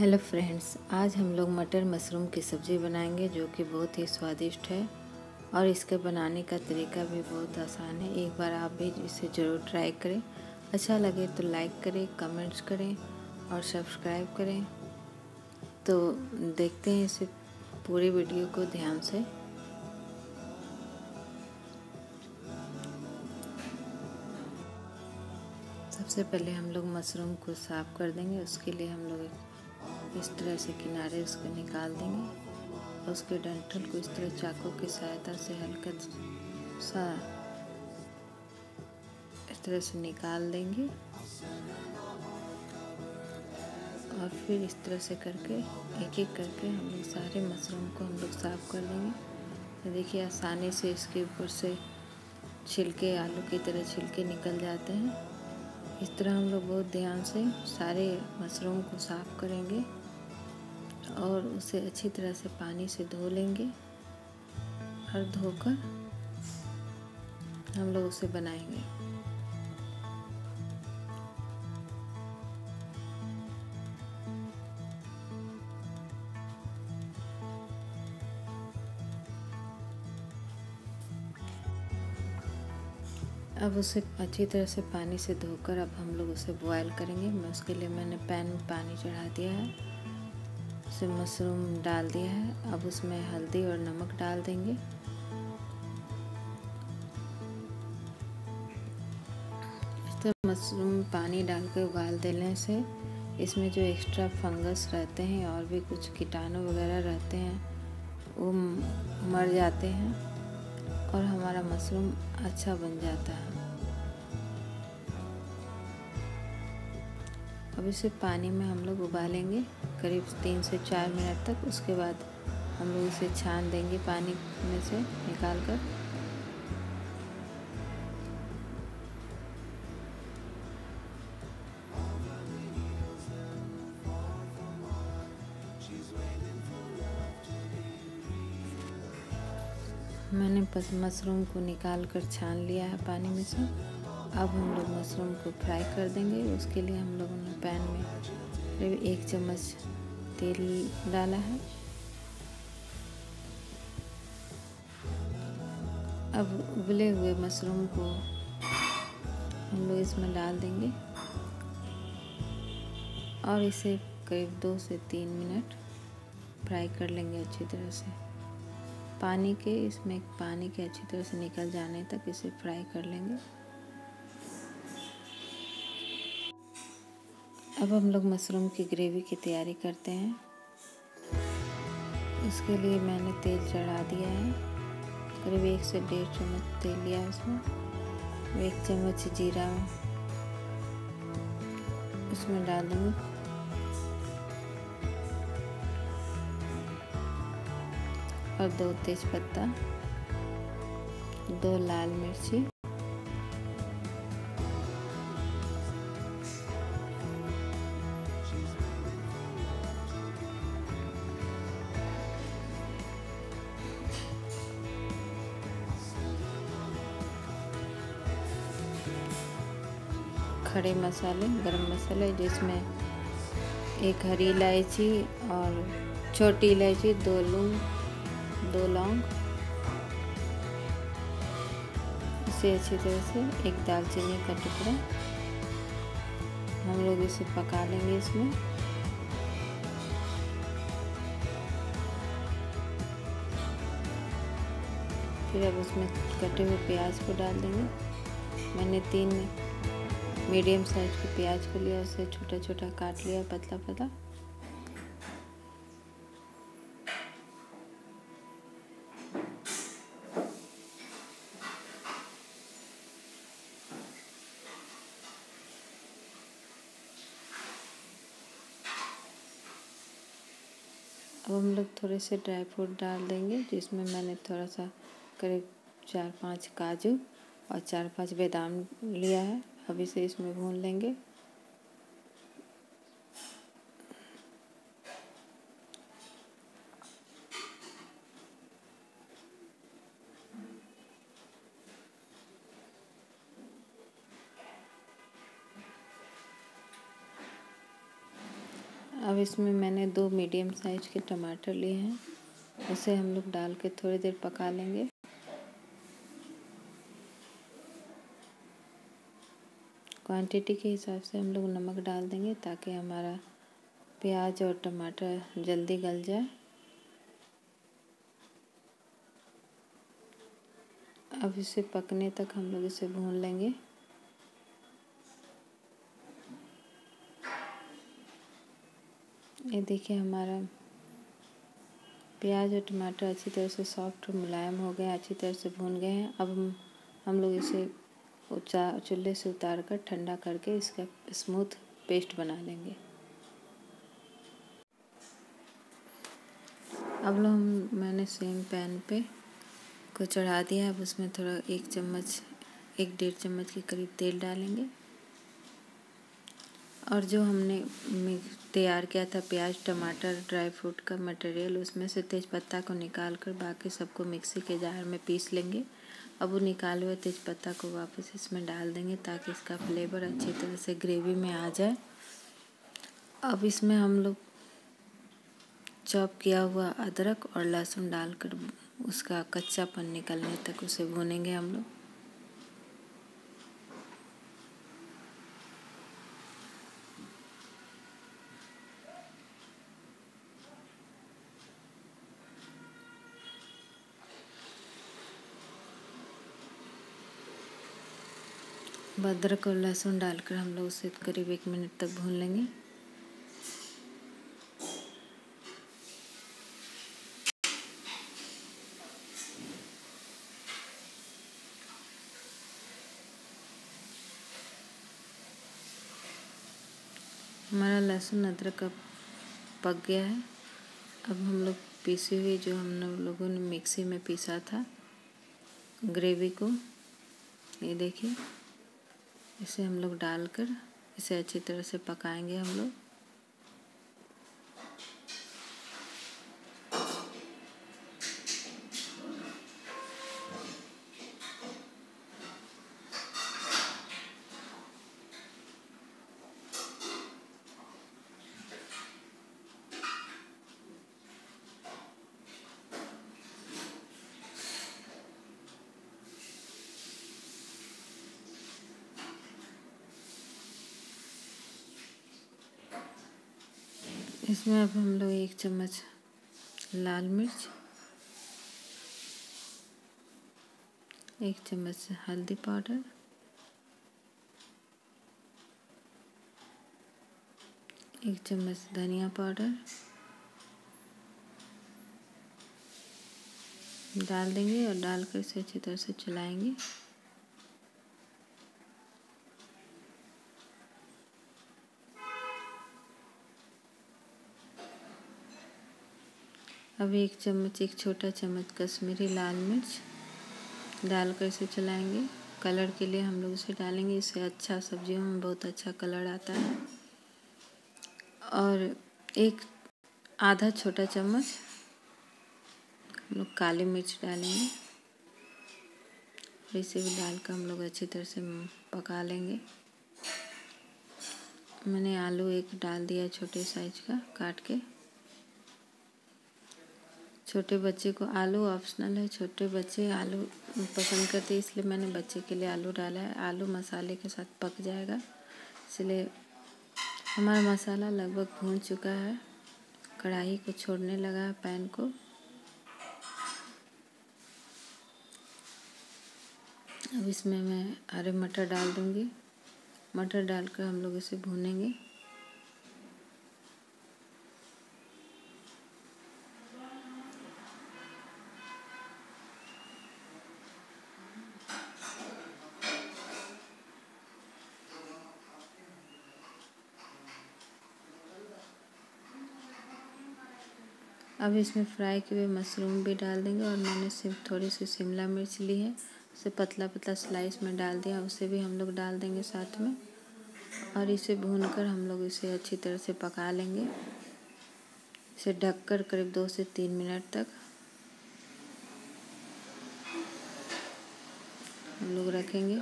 hello friends आज हम लोग मटर मशरूम की सब्ज़ी बनाएंगे जो कि बहुत ही स्वादिष्ट है और इसके बनाने का तरीका भी बहुत आसान है एक बार आप भी इसे ज़रूर ट्राई करें अच्छा लगे तो लाइक करें कमेंट्स करें और सब्सक्राइब करें तो देखते हैं इसे पूरे वीडियो को ध्यान से सबसे पहले हम लोग मशरूम को साफ़ कर देंगे उसके लिए हम लोग इस तरह से किनारे उसको निकाल देंगे और उसके डंठल को इस तरह चाकू की सहायता से हल्का सा इस तरह से निकाल देंगे और फिर इस तरह से करके एक एक करके हम लोग सारे मशरूम को हम लोग साफ़ कर लेंगे तो देखिए आसानी से इसके ऊपर से छिलके आलू की तरह छिलके निकल जाते हैं इस तरह हम लोग बहुत ध्यान से सारे मशरूम को साफ़ करेंगे और उसे अच्छी तरह से पानी से धो लेंगे और धोकर हम लोग उसे बनाएंगे अब उसे अच्छी तरह से पानी से धोकर अब हम लोग उसे बॉयल करेंगे मैं उसके लिए मैंने पैन में पानी चढ़ा दिया है से मशरूम डाल दिया है अब उसमें हल्दी और नमक डाल देंगे तो मशरूम पानी डाल कर उबाल देने से इसमें जो एक्स्ट्रा फंगस रहते हैं और भी कुछ कीटाणु वगैरह रहते हैं वो मर जाते हैं और हमारा मशरूम अच्छा बन जाता है अब इसे पानी में हम लोग उबालेंगे करीब तीन से चार मिनट तक उसके बाद हम लोग इसे छान देंगे पानी में से निकाल कर मैंने बस मशरूम को निकाल कर छान लिया है पानी में से अब हम लोग मशरूम को फ्राई कर देंगे उसके लिए हम लोगों ने पैन में भी एक चम्मच तेल डाला है अब उबले हुए मशरूम को हम लोग इसमें डाल देंगे और इसे करीब दो से तीन मिनट फ्राई कर लेंगे अच्छी तरह से पानी के इसमें पानी के अच्छी तरह से निकल जाने तक इसे फ्राई कर लेंगे अब हम लोग मशरूम की ग्रेवी की तैयारी करते हैं उसके लिए मैंने तेल चढ़ा दिया है करीब एक से डेढ़ चम्मच तेल लिया उसमें एक चम्मच जीरा उसमें डाल दूँगी और दो तेज़पत्ता दो लाल मिर्ची खड़े मसाले गरम मसाले जिसमें एक हरी इलायची और छोटी इलायची दो लौंग दो लौंग इसे अच्छी तरह से एक दालचीनी का टुकड़ा हम लोग इसे पका लेंगे इसमें फिर अब उसमें कटे हुए प्याज को डाल देंगे मैंने तीन मीडियम साइज के प्याज को लिया उसे छोटा छोटा काट लिया पतला पतला अब हम लोग थोड़े से ड्राई फ्रूट डाल देंगे जिसमें मैंने थोड़ा सा करीब चार पांच काजू और चार पांच बादाम लिया है अब इसे इसमें भून लेंगे अब इसमें मैंने दो मीडियम साइज के टमाटर लिए हैं उसे हम लोग डाल के थोड़ी देर पका लेंगे क्वांटिटी के हिसाब से हम लोग नमक डाल देंगे ताकि हमारा प्याज और टमाटर जल्दी गल जाए अब इसे पकने तक हम लोग इसे भून लेंगे ये देखिए हमारा प्याज और टमाटर अच्छी तरह से सॉफ्ट और मुलायम हो गए अच्छी तरह से भून गए हैं अब हम हम लोग इसे चूल्हे से उतार कर ठंडा करके इसका स्मूथ पेस्ट बना लेंगे अब लो हम मैंने सेम पैन पे को चढ़ा दिया अब उसमें थोड़ा एक चम्मच एक डेढ़ चम्मच के करीब तेल डालेंगे और जो हमने तैयार किया था प्याज टमाटर ड्राई फ्रूट का मटेरियल उसमें से तेज़पत्ता को निकाल कर बाकी सबको मिक्सी के जार में पीस लेंगे अब वो निकाले हुए तेज़पत्ता को वापस इसमें डाल देंगे ताकि इसका फ्लेवर अच्छी तरह से ग्रेवी में आ जाए अब इसमें हम लोग चॉप किया हुआ अदरक और लहसुन डालकर उसका कच्चापन निकलने तक उसे भूनेंगे हम लोग अदरक और लहसुन डालकर हम लोग उसे करीब एक मिनट तक भून लेंगे हमारा लहसुन अदरक का पक गया है अब हम लोग पीसे हुए जो हम लोगों ने मिक्सी में पीसा था ग्रेवी को ये देखिए इसे हम लोग डालकर इसे अच्छी तरह से पकाएंगे हम लोग इसमें अब हम लोग एक चम्मच लाल मिर्च एक चम्मच हल्दी पाउडर एक चम्मच धनिया पाउडर डाल देंगे और डालकर इसे अच्छी तरह से चलाएंगे अब एक चम्मच एक छोटा चम्मच कश्मीरी लाल मिर्च डालकर इसे चलाएंगे कलर के लिए हम लोग इसे डालेंगे इससे अच्छा सब्जियों में बहुत अच्छा कलर आता है और एक आधा छोटा चम्मच हम लोग काली मिर्च डालेंगे और इसे भी डाल कर हम लोग अच्छी तरह से पका लेंगे मैंने आलू एक डाल दिया छोटे साइज का काट के छोटे बच्चे को आलू ऑप्शनल है छोटे बच्चे आलू पसंद करते इसलिए मैंने बच्चे के लिए आलू डाला है आलू मसाले के साथ पक जाएगा इसलिए हमारा मसाला लगभग भून चुका है कढ़ाई को छोड़ने लगा है पैन को अब इसमें मैं हरे मटर डाल दूंगी मटर डालकर हम लोग इसे भूनेंगे अब इसमें फ्राई किए हुए मशरूम भी डाल देंगे और मैंने सिर्फ थोड़ी सी शिमला मिर्च ली है उसे पतला पतला स्लाइस में डाल दिया उसे भी हम लोग डाल देंगे साथ में और इसे भून कर हम लोग इसे अच्छी तरह से पका लेंगे इसे ढक कर करीब दो से तीन मिनट तक हम लोग रखेंगे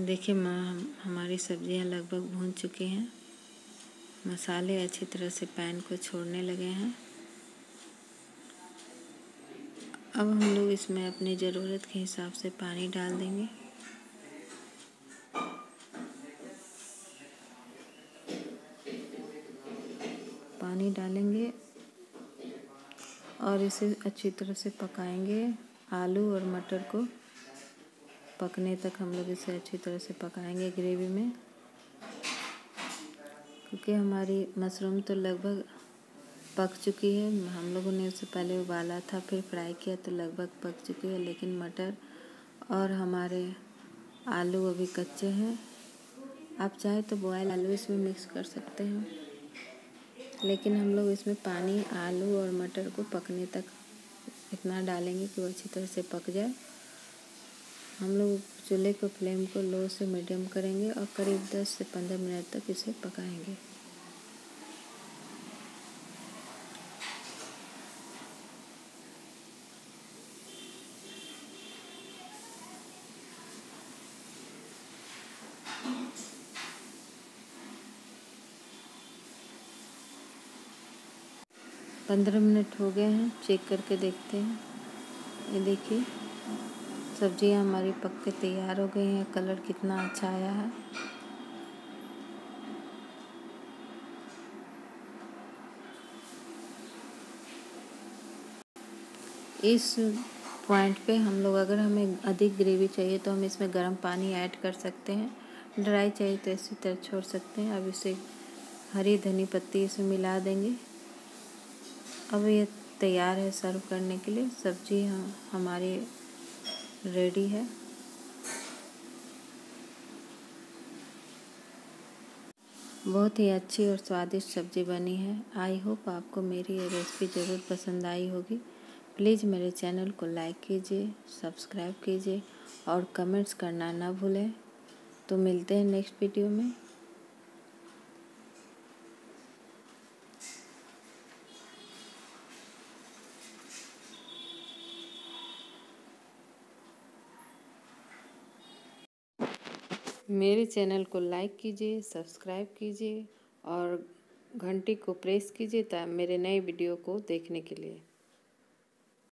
देखिए हम, हमारी सब्जियां लगभग भून चुकी हैं मसाले अच्छी तरह से पैन को छोड़ने लगे हैं अब हम लोग इसमें अपनी ज़रूरत के हिसाब से पानी डाल देंगे पानी डालेंगे और इसे अच्छी तरह से पकाएंगे आलू और मटर को पकने तक हम लोग इसे अच्छी तरह से पकाएंगे ग्रेवी में क्योंकि हमारी मशरूम तो लगभग पक चुकी है हम लोगों ने उसे पहले उबाला था फिर फ्राई किया तो लगभग पक चुकी है लेकिन मटर और हमारे आलू अभी कच्चे हैं आप चाहे तो बॉयल आलू इसमें मिक्स कर सकते हैं लेकिन हम लोग इसमें पानी आलू और मटर को पकने तक इतना डालेंगे कि वो अच्छी तरह से पक जाए हम लोग चूल्हे को फ्लेम को लो से मीडियम करेंगे और करीब 10 से 15 मिनट तक इसे पकाएंगे पंद्रह मिनट हो गए हैं चेक करके देखते हैं ये देखिए सब्जियाँ हमारी पक के तैयार हो गई हैं कलर कितना अच्छा आया है इस पॉइंट पे हम लोग अगर हमें अधिक ग्रेवी चाहिए तो हम इसमें गर्म पानी ऐड कर सकते हैं ड्राई चाहिए तो इसी तरह छोड़ सकते हैं अब इसे हरी धनी पत्ती इसे मिला देंगे अब ये तैयार है सर्व करने के लिए सब्जी हम, हमारी रेडी है बहुत ही अच्छी और स्वादिष्ट सब्ज़ी बनी है आई होप आपको मेरी ये रेसिपी ज़रूर पसंद आई होगी प्लीज़ मेरे चैनल को लाइक कीजिए सब्सक्राइब कीजिए और कमेंट्स करना ना भूलें तो मिलते हैं नेक्स्ट वीडियो में मेरे चैनल को लाइक कीजिए सब्सक्राइब कीजिए और घंटी को प्रेस कीजिए ताकि मेरे नए वीडियो को देखने के लिए